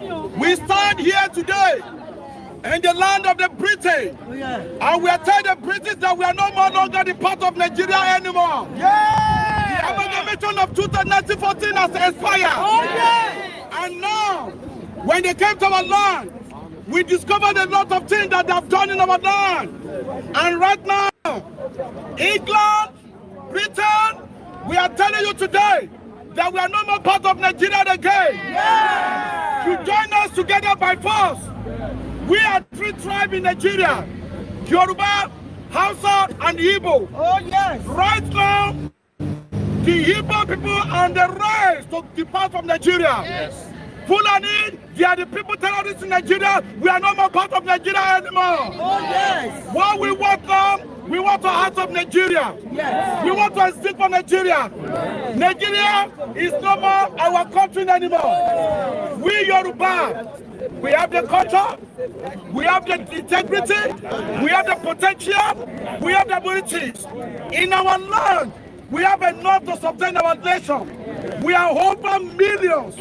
We stand here today in the land of the Britain. And we are telling the British that we are no more longer the part of Nigeria anymore. Yeah. The amalgamation of 2014 has expired. Oh, and now, when they came to our land, we discovered a lot of things that they have done in our land. And right now, England, Britain, we are telling you today that we are no more part of Nigeria again. Yeah. If you join us together by force, we are three tribes in Nigeria, Yoruba, Hausa, and Igbo. Oh, yes. Right now, the Igbo people are on the rise to depart from Nigeria. Yes. Fulani, they are the people terrorists in Nigeria. We are no more part of Nigeria anymore. Oh, yes. What we welcome We want to out of Nigeria. Yes. We want to exit from Nigeria. Yes. Nigeria is no more our country anymore. We Yoruba, we have the culture, we have the integrity, we have the potential, we have the abilities. In our land, we have enough to sustain our nation. We are over millions.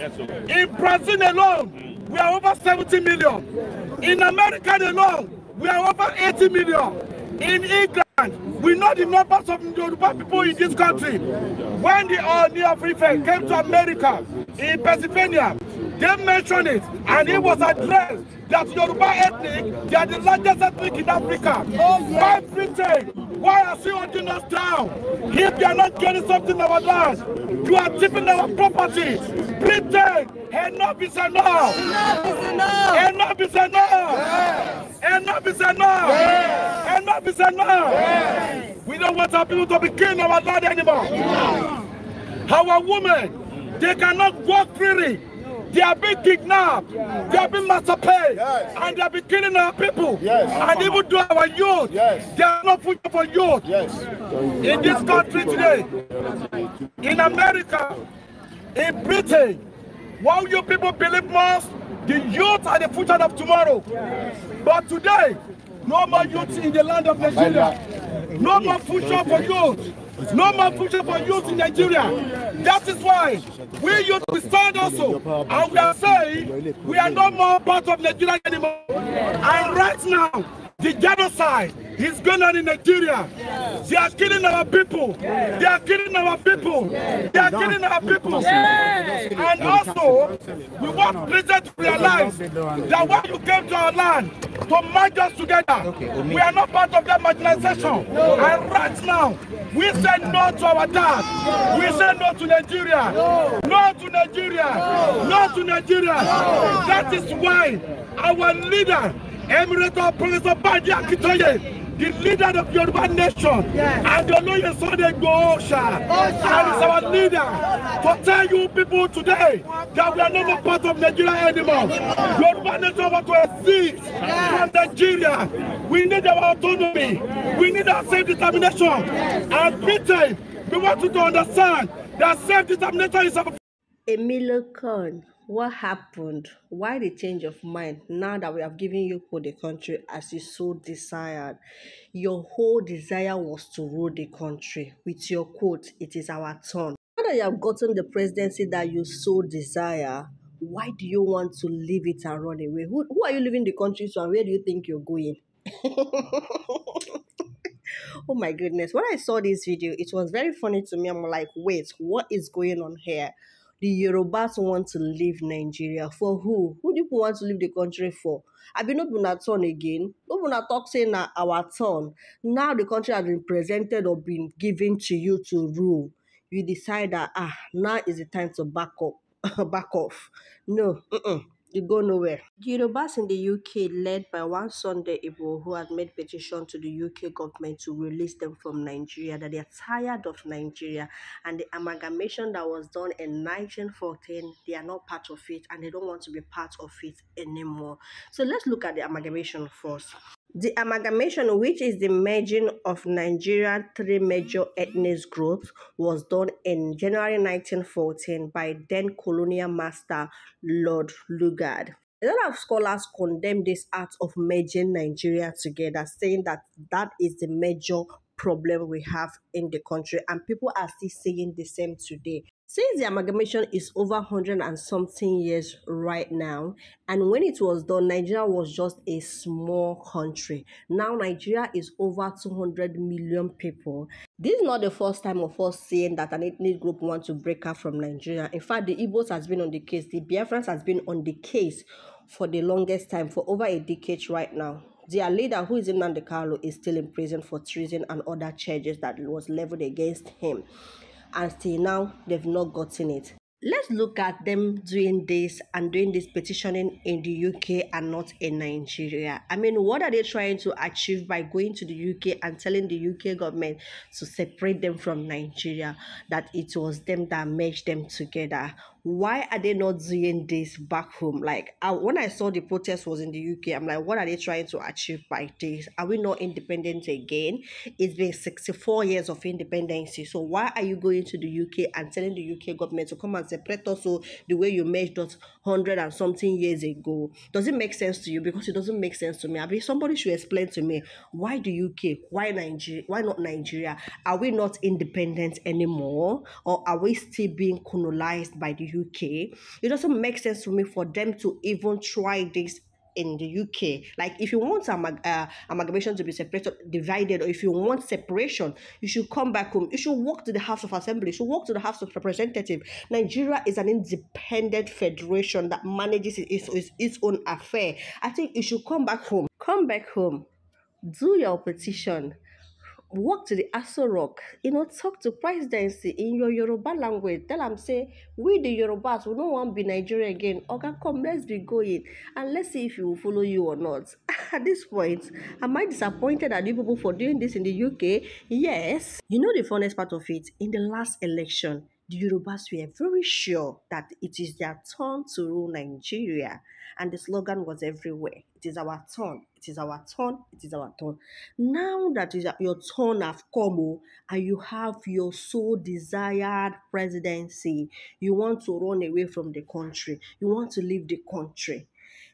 In Brazil alone, we are over 70 million. In America alone, we are over 80 million. in England. We know the numbers of Yoruba people in this country. When the all near prefect came to America, in Pennsylvania, they mentioned it, and it was addressed that Yoruba ethnic, they are the largest ethnic in Africa. Oh, yes. Why Britain? Why are you holding us down? If you are not getting something in our land, you are taking our property. Britain, enough is enough. Enough is enough. Enough is enough. Yes. Enough is enough. Yes. We don't want our people to be killed of our land anymore. Our women, they cannot walk freely. They are being kidnapped, yes. they are being massacred, yes. and they are being killing our people, yes. and even to our youth. Yes. They are not future for youth. Yes. In this country today, in America, in Britain, while you people believe most, the youth are the future of tomorrow. But today, No more youth in the land of Nigeria. No more future for youth. No more future for youth in Nigeria. That is why we youth we stand also and we are saying we are no more part of Nigeria anymore. And right now, the genocide is going on in Nigeria. They are killing our people. They are killing our people. They are killing our people. And also, we want president to realize that when you came to our land to merge us together, we are not part of that marginalization. And right now, we say no to our dad. We say no to Nigeria. No, to Nigeria. No, to Nigeria. That is why our leader Emirator Professor Badi Akintoye the leader of Yoruba nation yes. and the Oloye Sunday Igboho and is our leader to tell you people today that we are not a part of Nigeria anymore. Yoruba nation want to exist yes. from Nigeria. We need our autonomy. We need our self-determination. And Britain, we want you to understand that self-determination is a Emilio Khan. what happened why the change of mind now that we have given you for the country as you so desired your whole desire was to rule the country with your quote it is our turn now that you have gotten the presidency that you so desire why do you want to leave it and run away who, who are you leaving the country to and where do you think you're going oh my goodness when i saw this video it was very funny to me i'm like wait what is going on here the Yorubas want to leave Nigeria. For who? Who do people want to leave the country for? I have been not that turn again. No una talk say na our turn. Now the country has been presented or been given to you to rule. You decide that ah now is the time to back up, back off. No, mm -mm they go nowhere. Yorubas in the UK, led by one Sunday Igbo who had made petition to the UK government to release them from Nigeria, that they are tired of Nigeria and the amalgamation that was done in 1914, they are not part of it and they don't want to be part of it anymore. So let's look at the amalgamation first. The amalgamation, which is the merging of Nigeria's three major ethnic groups, was done in January 1914 by then colonial master Lord Lugard. A lot of scholars condemn this act of merging Nigeria together, saying that that is the major problem we have in the country, and people are still saying the same today. Since the amalgamation is over 100 and something years right now, and when it was done, Nigeria was just a small country. Now Nigeria is over 200 million people. This is not the first time of us seeing that an ethnic group wants to break out from Nigeria. In fact, the Igbos has been on the case, the Biafrans has been on the case for the longest time, for over a decade right now. Their leader, who is in Nandekalo, is still in prison for treason and other charges that was leveled against him and still now they've not gotten it. Let's look at them doing this and doing this petitioning in the UK and not in Nigeria. I mean, what are they trying to achieve by going to the UK and telling the UK government to separate them from Nigeria, that it was them that merged them together? why are they not doing this back home? Like, I, when I saw the protest was in the UK, I'm like, what are they trying to achieve by this? Are we not independent again? It's been 64 years of independence. So why are you going to the UK and telling the UK government to come and separate us so the way you measured us 100 and something years ago? Does it make sense to you? Because it doesn't make sense to me. I mean, somebody should explain to me, why the UK? Why Nigeria? Why not Nigeria? Are we not independent anymore? Or are we still being colonized by the UK, it doesn't make sense to me for them to even try this in the UK. Like, if you want some uh, amalgamation to be separated, divided, or if you want separation, you should come back home. You should walk to the House of Assembly. You should walk to the House of Representative. Nigeria is an independent federation that manages its, its, its own affair. I think you should come back home. Come back home. Do your petition walk to the Aso Rock, you know, talk to presidency in your Yoruba language. Tell them, say, we the Yorubas, we don't want to be Nigeria again. Okay, come, let's be going. And let's see if he will follow you or not. At this point, am I disappointed at you people for doing this in the UK? Yes. You know the funnest part of it? In the last election, the Yorubas were very sure that it is their turn to rule Nigeria, and the slogan was everywhere. It is our turn. It is our turn. It is our turn. Now that is uh, your turn have come oh, and you have your so desired presidency, you want to run away from the country. You want to leave the country.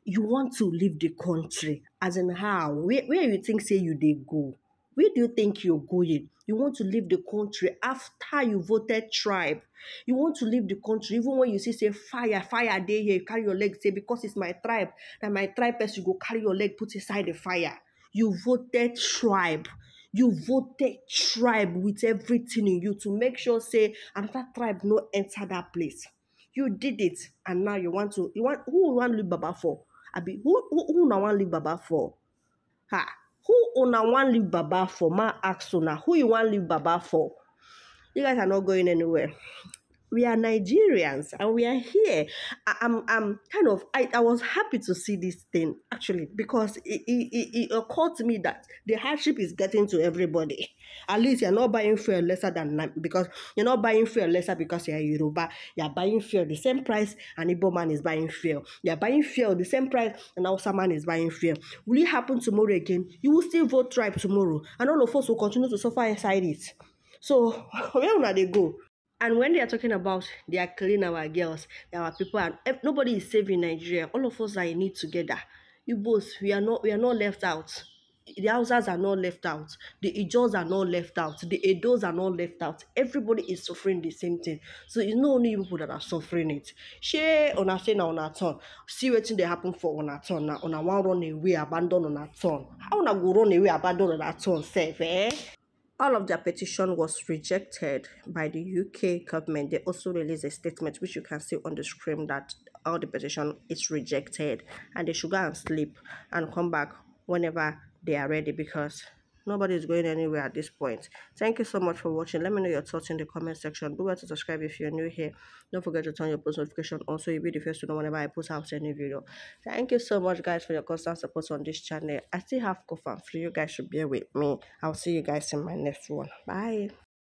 You want to leave the country. As in how? Where, where you think say you they go? Where do you think you're going? You want to leave the country after you voted tribe. You want to leave the country even when you see say fire, fire day here. You carry your leg say because it's my tribe. That my tribe person go carry your leg put inside the fire. You voted tribe. You voted tribe with everything in you to make sure say another tribe no enter that place. You did it and now you want to you want who want to leave Baba for? Abi who who who now want leave Baba for? Ha. who una wan leave baba for ma ask una who you wan leave baba for you guys are not going anywhere we are Nigerians and we are here. I, am I'm, I'm kind of, I, I was happy to see this thing actually because it, it, it, occurred to me that the hardship is getting to everybody. At least you're not buying fuel lesser than, because you're not buying fuel lesser because you're Yoruba. You're buying fuel the same price an Igbo man is buying fuel. You're buying fuel the same price an Hausa man is buying fuel. Will it happen tomorrow again? You will still vote tribe tomorrow and all of us will continue to suffer inside it. So where will they go? And when they are talking about they are killing our girls, our people, and nobody is saving Nigeria. All of us are in need together. You both, we are not, we are not left out. The Hausas are not left out. The Ijos are not left out. The Edos are not left out. Everybody is suffering the same thing. So it's not only you people that are suffering it. Share on our thing on our turn. See what they happen for on our turn now. On our one run away, abandon on our turn. How on a go run away, abandon on our turn, save eh? all of their petition was rejected by the UK government. They also released a statement, which you can see on the screen, that all the petition is rejected, and they should go and sleep and come back whenever they are ready because nobody is going anywhere at this point thank you so much for watching let me know your thoughts in the comment section do well to subscribe if you're new here don't forget to turn your post notification on so you'll be the first to know whenever i post out any video thank you so much guys for your constant support on this channel i still have coffee free you guys should bear with me i'll see you guys in my next one bye